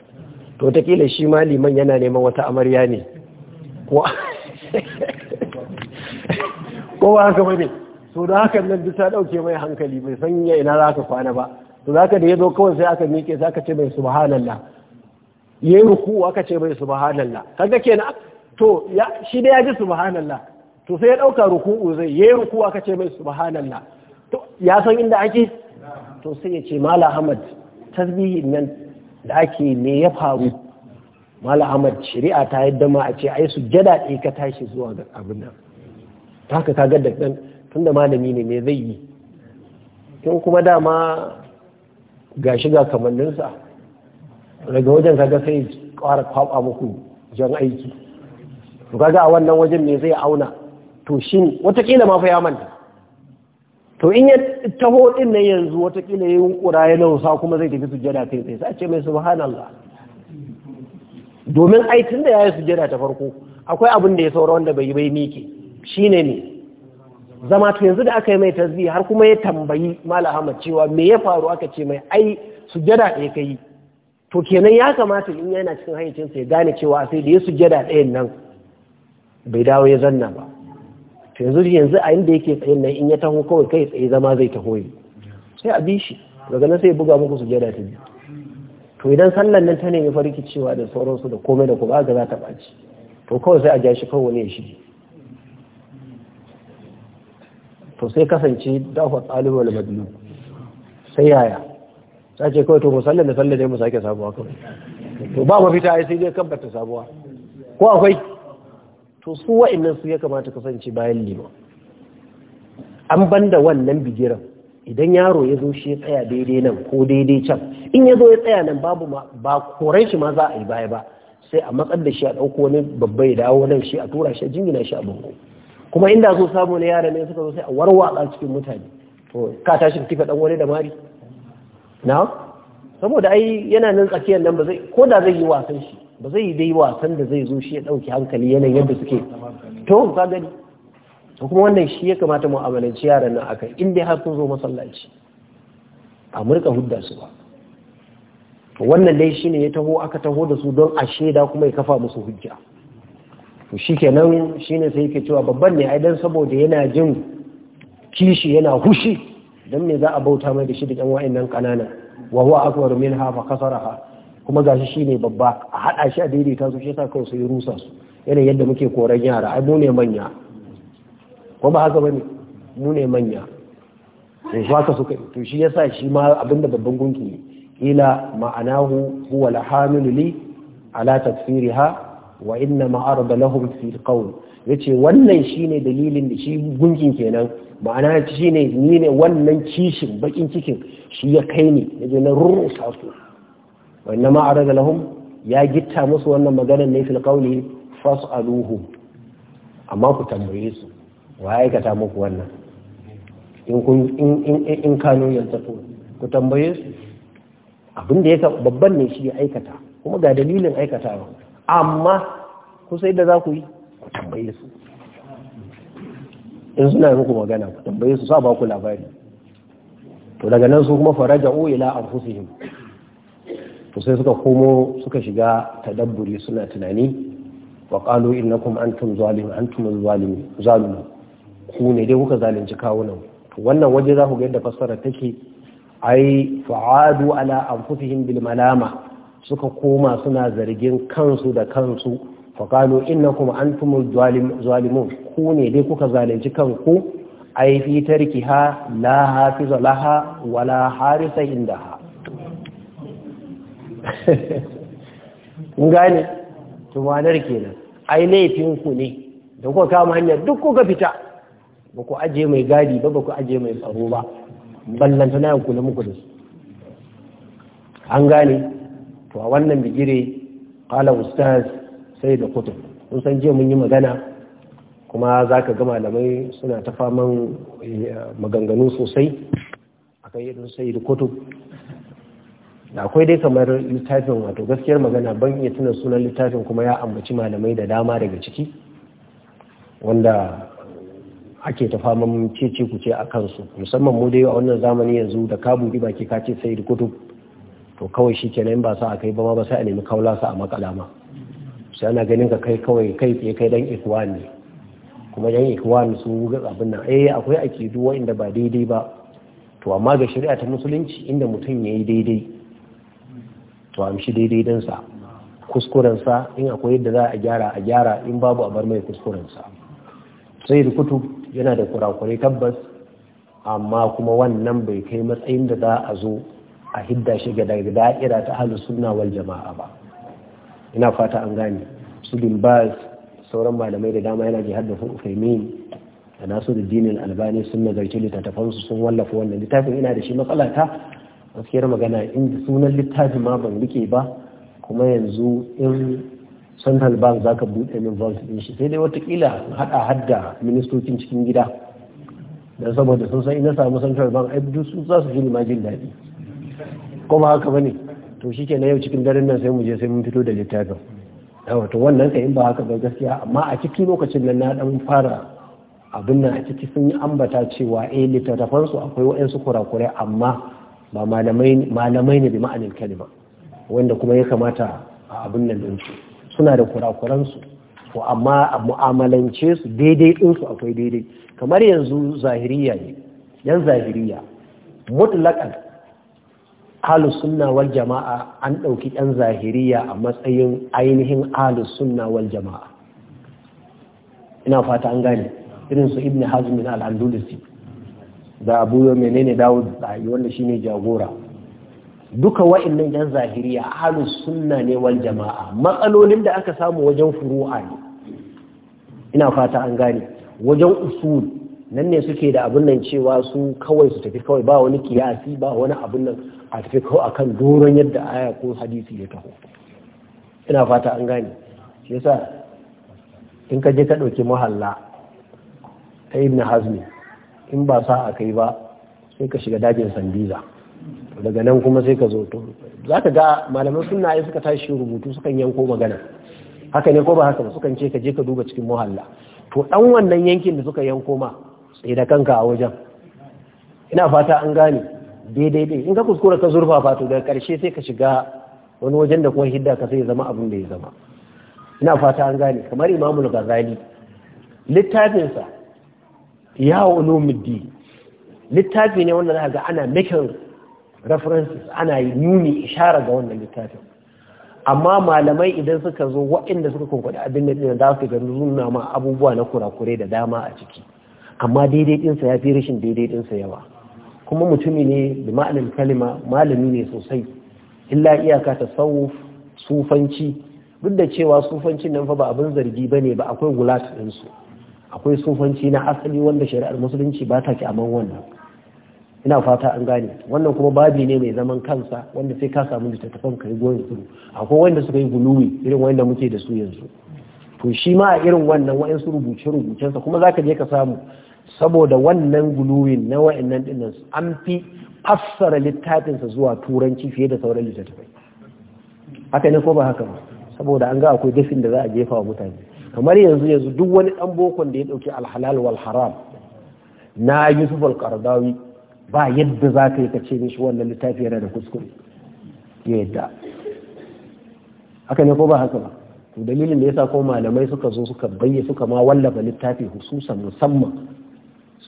to ta kila shi ma liman yana neman wata amarya ne ko ko ba haka bane to da haka nan duk ta dauke mai hankali bai san ya ina za ka kwana ba to za ka da ya zo kawai sai aka miƙe za ka ce mai subhanallah ya yi ruku aka ce mai subhanallah kaga kenan to ya shi da ya ji subhanallah to sai ya dauka ruku'u zai ya yi ruku aka ce mai subhanallah to ya san inda ake to sai ya ce mala ahmad tasbihi nan da ake me ya faru mala ahmad shari'a ta yadda ma a ce ai sujjada ɗaya ka tashi zuwa ga abin nan ta ka kaga da tunda malami ne me zai yi in kuma dama ga shiga kamanninsa daga wajen kaga sai ƙwara kwaba muku jan aiki to kaga a wannan wajen me zai auna to shi watakila ma fi ya manta to in ya taho din na yanzu watakila ya yunkura ya nausa kuma zai tafi jada kai tsaye sai ce mai subhanallah domin ai da ya yi jada ta farko akwai abin da ya saura wanda bai yi bai mike ne ne zama to yanzu da aka yi mai tasbi har kuma ya tambayi malam Ahmad cewa me ya faru aka ce mai ai sujjada ɗaya kai to kenan ya kamata in yana cikin sa ya gane cewa sai da ya sujada ɗayan nan bai dawo ya zanna ba to yanzu yanzu a inda yake tsayin nan in ya taho kawai kai tsaye zama zai taho ne sai a bi shi daga nan sai buga muku sujada ta biyu to idan sallan nan ta nemi farki cewa da sauransu da komai da kuma ga za ta ɓaci to kawai sai a ja shi kawai wani ya shige to sai kasance dafa tsalibu wal sai yaya sai ce kawai to musallin da sallah dai mu sake sabuwa kawai to ba mafi ai sai dai kabbata sabuwa ko akwai to su wa'annan su ya kamata kasance bayan lima an banda wannan bigiran idan yaro ya zo shi ya tsaya daidai nan ko daidai can in ya zo ya tsaya nan babu ma ba koren shi ma za a yi baya ba sai a matsar da shi a ɗauko wani babba ya dawo nan shi a tura shi a jingina shi a bango kuma inda so samu ne yaran ne suka zo sai a warwatsa cikin mutane to ka tashi kifa dan wani da mari na saboda ai yana nan tsakiyar nan ba zai ko da zai yi wasan shi ba zai yi dai wasan da zai zo shi ya dauki hankali yanayin yadda suke to ka gani to kuma wannan shi ya kamata mu amalanci yaran nan akai in dai har sun zo masallaci a murka hudda su ba wannan dai shine ya taho aka taho da su don a shaida kuma ya kafa musu hujja to shi shine sai yake cewa babban ne ai saboda yana jin kishi yana hushi don me za a bauta mai da shi da yan nan kanana wa huwa akbar hafa fa ha kuma shi shine babba a haɗa shi a daidaita su shi sa kawai sai rusa su yana yadda muke koran yara ai mu ne manya ko ba haka bane mu ne manya to haka suka to shi yasa shi ma abinda babban gunki ne ila ma'anahu huwa lahamilu li ala tafsiriha wa inna ma'arada lahum fi qawl yace wannan shine dalilin da shi gunkin kenan ma'ana shine ni ne wannan kishin bakin cikin shi ya kai ni yaje na rusa su wa inna ma'arada lahum ya gitta musu wannan magana ne fil qawli fas'aluhu amma ku tambaye su wa aikata muku wannan in kun in in kano yantafu ku tambaye su abin da ya babban ne shi ya aikata kuma ga dalilin aikatawa amma sai da za ku yi ku tambaye su in suna muku magana ku tambaye su sa ba ku labari to daga nan su kuma faraja o ila anfusihim to sai suka komo suka shiga tadabburi suna tunani wa qalu innakum antum zalimun antum zalimun zalimun ku ne dai kuka zalunci kawunan to wannan waje za ku ga yadda fassara take ai fa'adu ala anfusihim bil malama suka koma suna zargin kansu da kansu faƙalo ina kuma an tumul zalimu ku ne dai kuka zalunci kanku ai fi tarki ha la hafiza laha wala harisa indaha kun gane tumanar kenan ai laifin ku ne da kuka kama hanyar duk kuka fita ba ku aje mai gadi ba ba ku aje mai tsaro ba ballanta na yankunan muku da su an gane to a wannan bigire kala ustaz sai da kutu sun san jiya mun yi magana kuma za ka ga malamai suna ta faman eh, maganganu sosai a kan yadda sai da kutu da akwai dai kamar littafin wato gaskiyar magana ban iya tuna sunan littafin kuma ya ambaci malamai da dama daga ciki wanda ake ta faman cece ku a kansu musamman mu dai a wannan zamani yanzu da kabu baki ka ce sai da kutu to kawai shi ke kenan ba sa a kai ba ma ba sai a nemi kaula sa a makalama sai ana ganin ka kai kawai kai tsaye kai dan ikwan ne kuma yan ikwan su abin nan eh akwai akidu inda ba daidai ba to amma ga shari'a ta musulunci inda mutum yayi daidai to amshi daidai dan sa kuskuren sa in akwai yadda za a gyara a gyara in babu a bar mai kuskurensa sai da kutub yana da kurakurai tabbas amma kuma wannan bai kai matsayin da za a zo a hidda shi ga da'ira ta ahlus sunna wal jama'a ba ina fata an gane su bin ba sauran malamai da dama yana jihar da fufaimin da nasu da dinin albani sun nazarci littattafansu sun wallafa wannan littafin ina da shi matsala ta gaskiyar magana inda sunan littafin ma ban rike ba kuma yanzu in central bank zaka buɗe min vault ɗin shi sai dai watakila hada hadda ministocin cikin gida don saboda sun san ina samu central bank ai duk su za su ma jin daɗi ko haka bane to shi na yau cikin daren nan sai mu je sai mun fito da littafin yawa to wannan sai in ba haka ba gaskiya amma a cikin lokacin nan na dan fara abin nan a ciki sun yi ambata cewa eh littattafan su akwai waɗansu kurakurai amma ba malamai malamai ne bi ma'anin kalima wanda kuma ya kamata a abin nan din su suna da kurakuran su ko amma a mu'amalance su daidai din su akwai daidai kamar yanzu zahiriya ne yan zahiriya mutlaqan ahlus sunna wal jama'a an ɗauki ɗan zahiriya a matsayin ainihin ahlus sunna wal jama'a ina fata an gane irin su ibn hazmin al-andalusi da abu yau menene Dawud da wanda shine jagora duka wa'annan yan zahiriya ahlus sunna ne wal jama'a matsalolin da aka samu wajen furu'a ne ina fata an gane wajen usul nan ne suke da abin nan cewa su kawai su tafi kawai ba wani kiyasi ba wani abin nan a tafi kawai akan doron yadda aya ko hadisi ya taho ina fata an gane shi yasa in ka je ka ɗauki mahalla ta ibn hazmi in ba sa a kai ba sai ka shiga dajin sandiza daga nan kuma sai ka zo to za ka ga malaman sunna suka tashi rubutu sukan yanko magana haka ne ko ba haka ba sukan ce ka je ka duba cikin muhalla to dan wannan yankin da suka yanko ma sai da kanka a wajen ina fata an gane daidai dai in ka kuskura ka zurfa to daga karshe sai ka shiga wani wajen da kuma hidda ka sai zama abin da ya zama ina fata an gane kamar imamul ghazali littafinsa ya ulumuddi littafi ne wanda za ga ana making references ana yi nuni ishara ga wannan littafin amma malamai idan suka zo waɗanda suka kunkuɗi abin da za su ga nuna ma abubuwa na kurakure da dama a ciki amma daidai ɗinsa ya fi rashin daidai yawa kuma mutumi ne da ma'anin kalima malami ne sosai illa iyaka ta sauwuf sufanci duk da cewa sufancin nan fa ba abin zargi ba ne ba akwai gulat ɗinsu akwai sufanci na asali wanda shari'ar musulunci ba ta kyaman wannan ina fata an gane wannan kuma babi ne mai zaman kansa wanda sai ka samu littattafan ka yi goyon kudu akwai wanda suka yi guluwi irin wanda muke da su yanzu to shi ma a irin wannan waansu rubuce-rubucensa kuma za ka je ka samu saboda wannan guluwin na wa'annan dinnan an fi fassara littafinsa zuwa turanci fiye da sauran littattafai haka ne ko ba haka ba saboda an ga akwai dafin da za a jefa wa mutane kamar yanzu yanzu duk wani dan bokon da ya dauki alhalal wal haram na yusuf al-qardawi ba yadda za ka yi ka ce mishi wannan littafi yana da kuskure ya yadda haka ne ko ba haka ba to dalilin da yasa ko malamai suka zo suka bayyana suka ma wallafa littafi hususan musamman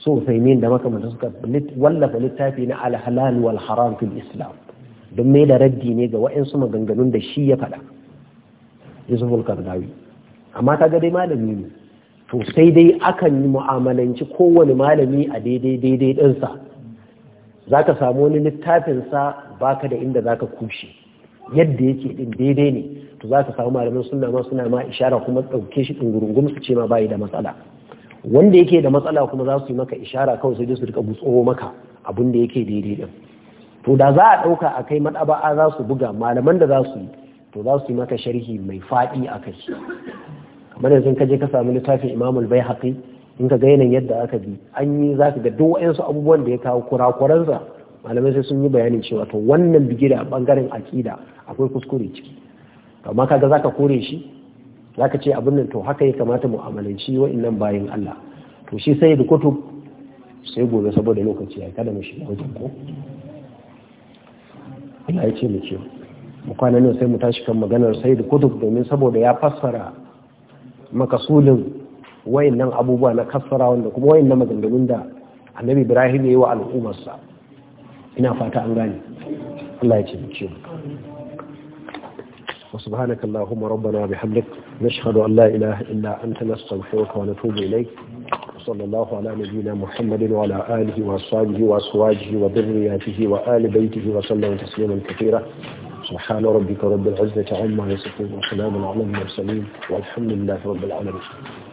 so saimin da makamanta suka wallafa littafi na alhalal wal haram fil islam don mai da raddi ne ga wa'insu maganganun da shi ya faɗa yusuf al-kardawi amma ta ga dai malami ne to sai dai akan yi mu'amalanci kowane malami a daidai daidai ɗinsa za ka samu wani littafinsa baka da inda zaka ka kushe yadda yake ɗin daidai ne to za ka samu malamin suna ma suna ma ishara kuma ɗauke shi ɗungurungum su ce ma bayi da matsala wanda yake da matsala kuma za su yi maka ishara kawai sai su rika butsoho maka abin da yake daidai din to da za a ɗauka a kai maɗaba'a za su buga malaman da za su yi to za su yi maka sharhi mai faɗi a kai kamar yanzu ka je ka samu littafin imamul bai haƙi in ka ga yanayin yadda aka bi an yi za ka ga duk wa'yansu abubuwan da ya kawo kurakuransa malamai sai sun yi bayanin cewa to wannan bigira bangaren aƙida akwai kuskure ciki amma kaga za ka kore shi za ka ce abin nan to haka ya kamata mu'amalanci wa'annan bayan Allah to shi sai da kutub sai gobe saboda lokaci ya kada mu shiga wajen ko ina ya ce mu ce mu kwana ne sai mu tashi kan maganar sai da kutub domin saboda ya fassara makasulin wa'annan abubuwa na kassara wanda kuma wa'annan maganganun da annabi Ibrahim ya yi wa al'ummarsa ina fata an gane Allah ya ce mu ce وسبحانك اللهم ربنا وبحمدك نشهد أن لا إله إلا أنت نستغفرك ونتوب إليك وصلى الله على نبينا محمد وعلى آله وأصحابه وأزواجه وذرياته وآل بيته وسلم تسليما كثيرا سبحان ربك رب العزة عما يصفون وسلام على المرسلين والحمد لله رب العالمين